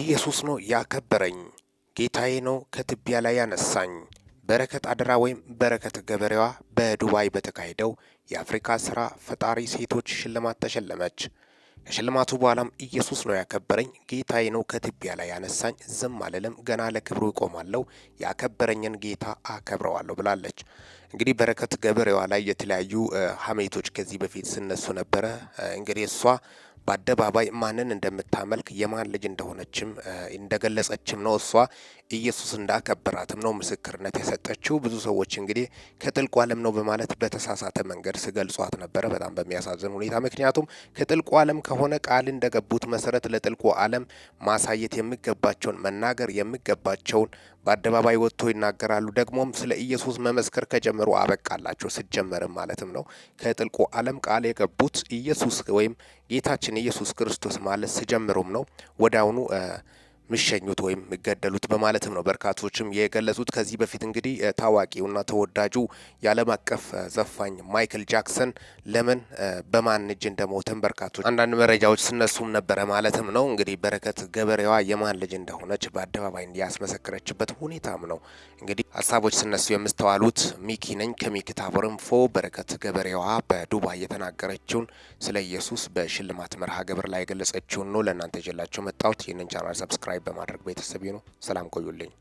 ኢየሱስ ነው ያከበረኝ፣ ጌታዬ ነው ከትቢያ ላይ ያነሳኝ። በረከት አደራ ወይም በረከት ገበሬዋ በዱባይ በተካሄደው የአፍሪካ ስራ ፈጣሪ ሴቶች ሽልማት ተሸለመች። ከሽልማቱ በኋላም ኢየሱስ ነው ያከበረኝ፣ ጌታዬ ነው ከትቢያ ላይ ያነሳኝ፣ ዝም አልልም፣ ገና ለክብሩ ይቆማለሁ፣ ያከበረኝን ጌታ አከብረዋለሁ ብላለች። እንግዲህ በረከት ገበሬዋ ላይ የተለያዩ ሀሜቶች ከዚህ በፊት ስነሱ ነበረ። እንግዲህ እሷ በአደባባይ ማንን እንደምታመልክ የማን ልጅ እንደሆነችም እንደገለጸችም ነው እሷ ኢየሱስ እንዳከበራትም ነው ምስክርነት የሰጠችው። ብዙ ሰዎች እንግዲህ ከጥልቁ ዓለም ነው በማለት በተሳሳተ መንገድ ስገልጿት ነበረ በጣም በሚያሳዝን ሁኔታ። ምክንያቱም ከጥልቁ ዓለም ከሆነ ቃል እንደገቡት መሰረት ለጥልቁ ዓለም ማሳየት የሚገባቸውን መናገር የሚገባቸውን በአደባባይ ወጥቶ ይናገራሉ። ደግሞም ስለ ኢየሱስ መመስከር ከጀመሩ አበቃላቸው ስጀመርም ማለትም ነው። ከጥልቁ ዓለም ቃል የገቡት ኢየሱስ ወይም ጌታችን ኢየሱስ ክርስቶስ ማለት ስጀምሩም ነው ወዳውኑ ምሸኙት ወይም ገደሉት በማለትም ነው በርካቶችም የገለጹት። ከዚህ በፊት እንግዲህ ታዋቂውና ተወዳጁ የዓለም አቀፍ ዘፋኝ ማይክል ጃክሰን ለምን በማን እጅ እንደሞተም በርካቶች አንዳንድ መረጃዎች ስነሱም ነበረ ማለትም ነው። እንግዲህ በረከት ገበሬዋ የማን ልጅ እንደሆነች በአደባባይ እንዲያስመሰክረችበት ሁኔታም ነው እንግዲህ ሀሳቦች ስነሱ የምስተዋሉት። ሚኪ ነኝ ከሚኪ ታቦርንፎ በረከት ገበሬዋ በዱባይ የተናገረችውን ስለ ኢየሱስ በሽልማት መርሃ ግብር ላይ የገለጸችውን ነው ለእናንተ ይዤላችሁ መጣሁት። ይህንን ቻናል ሰብስክራ ሰብስክራይብ በማድረግ ቤተሰብ ነው። ሰላም ቆዩልኝ።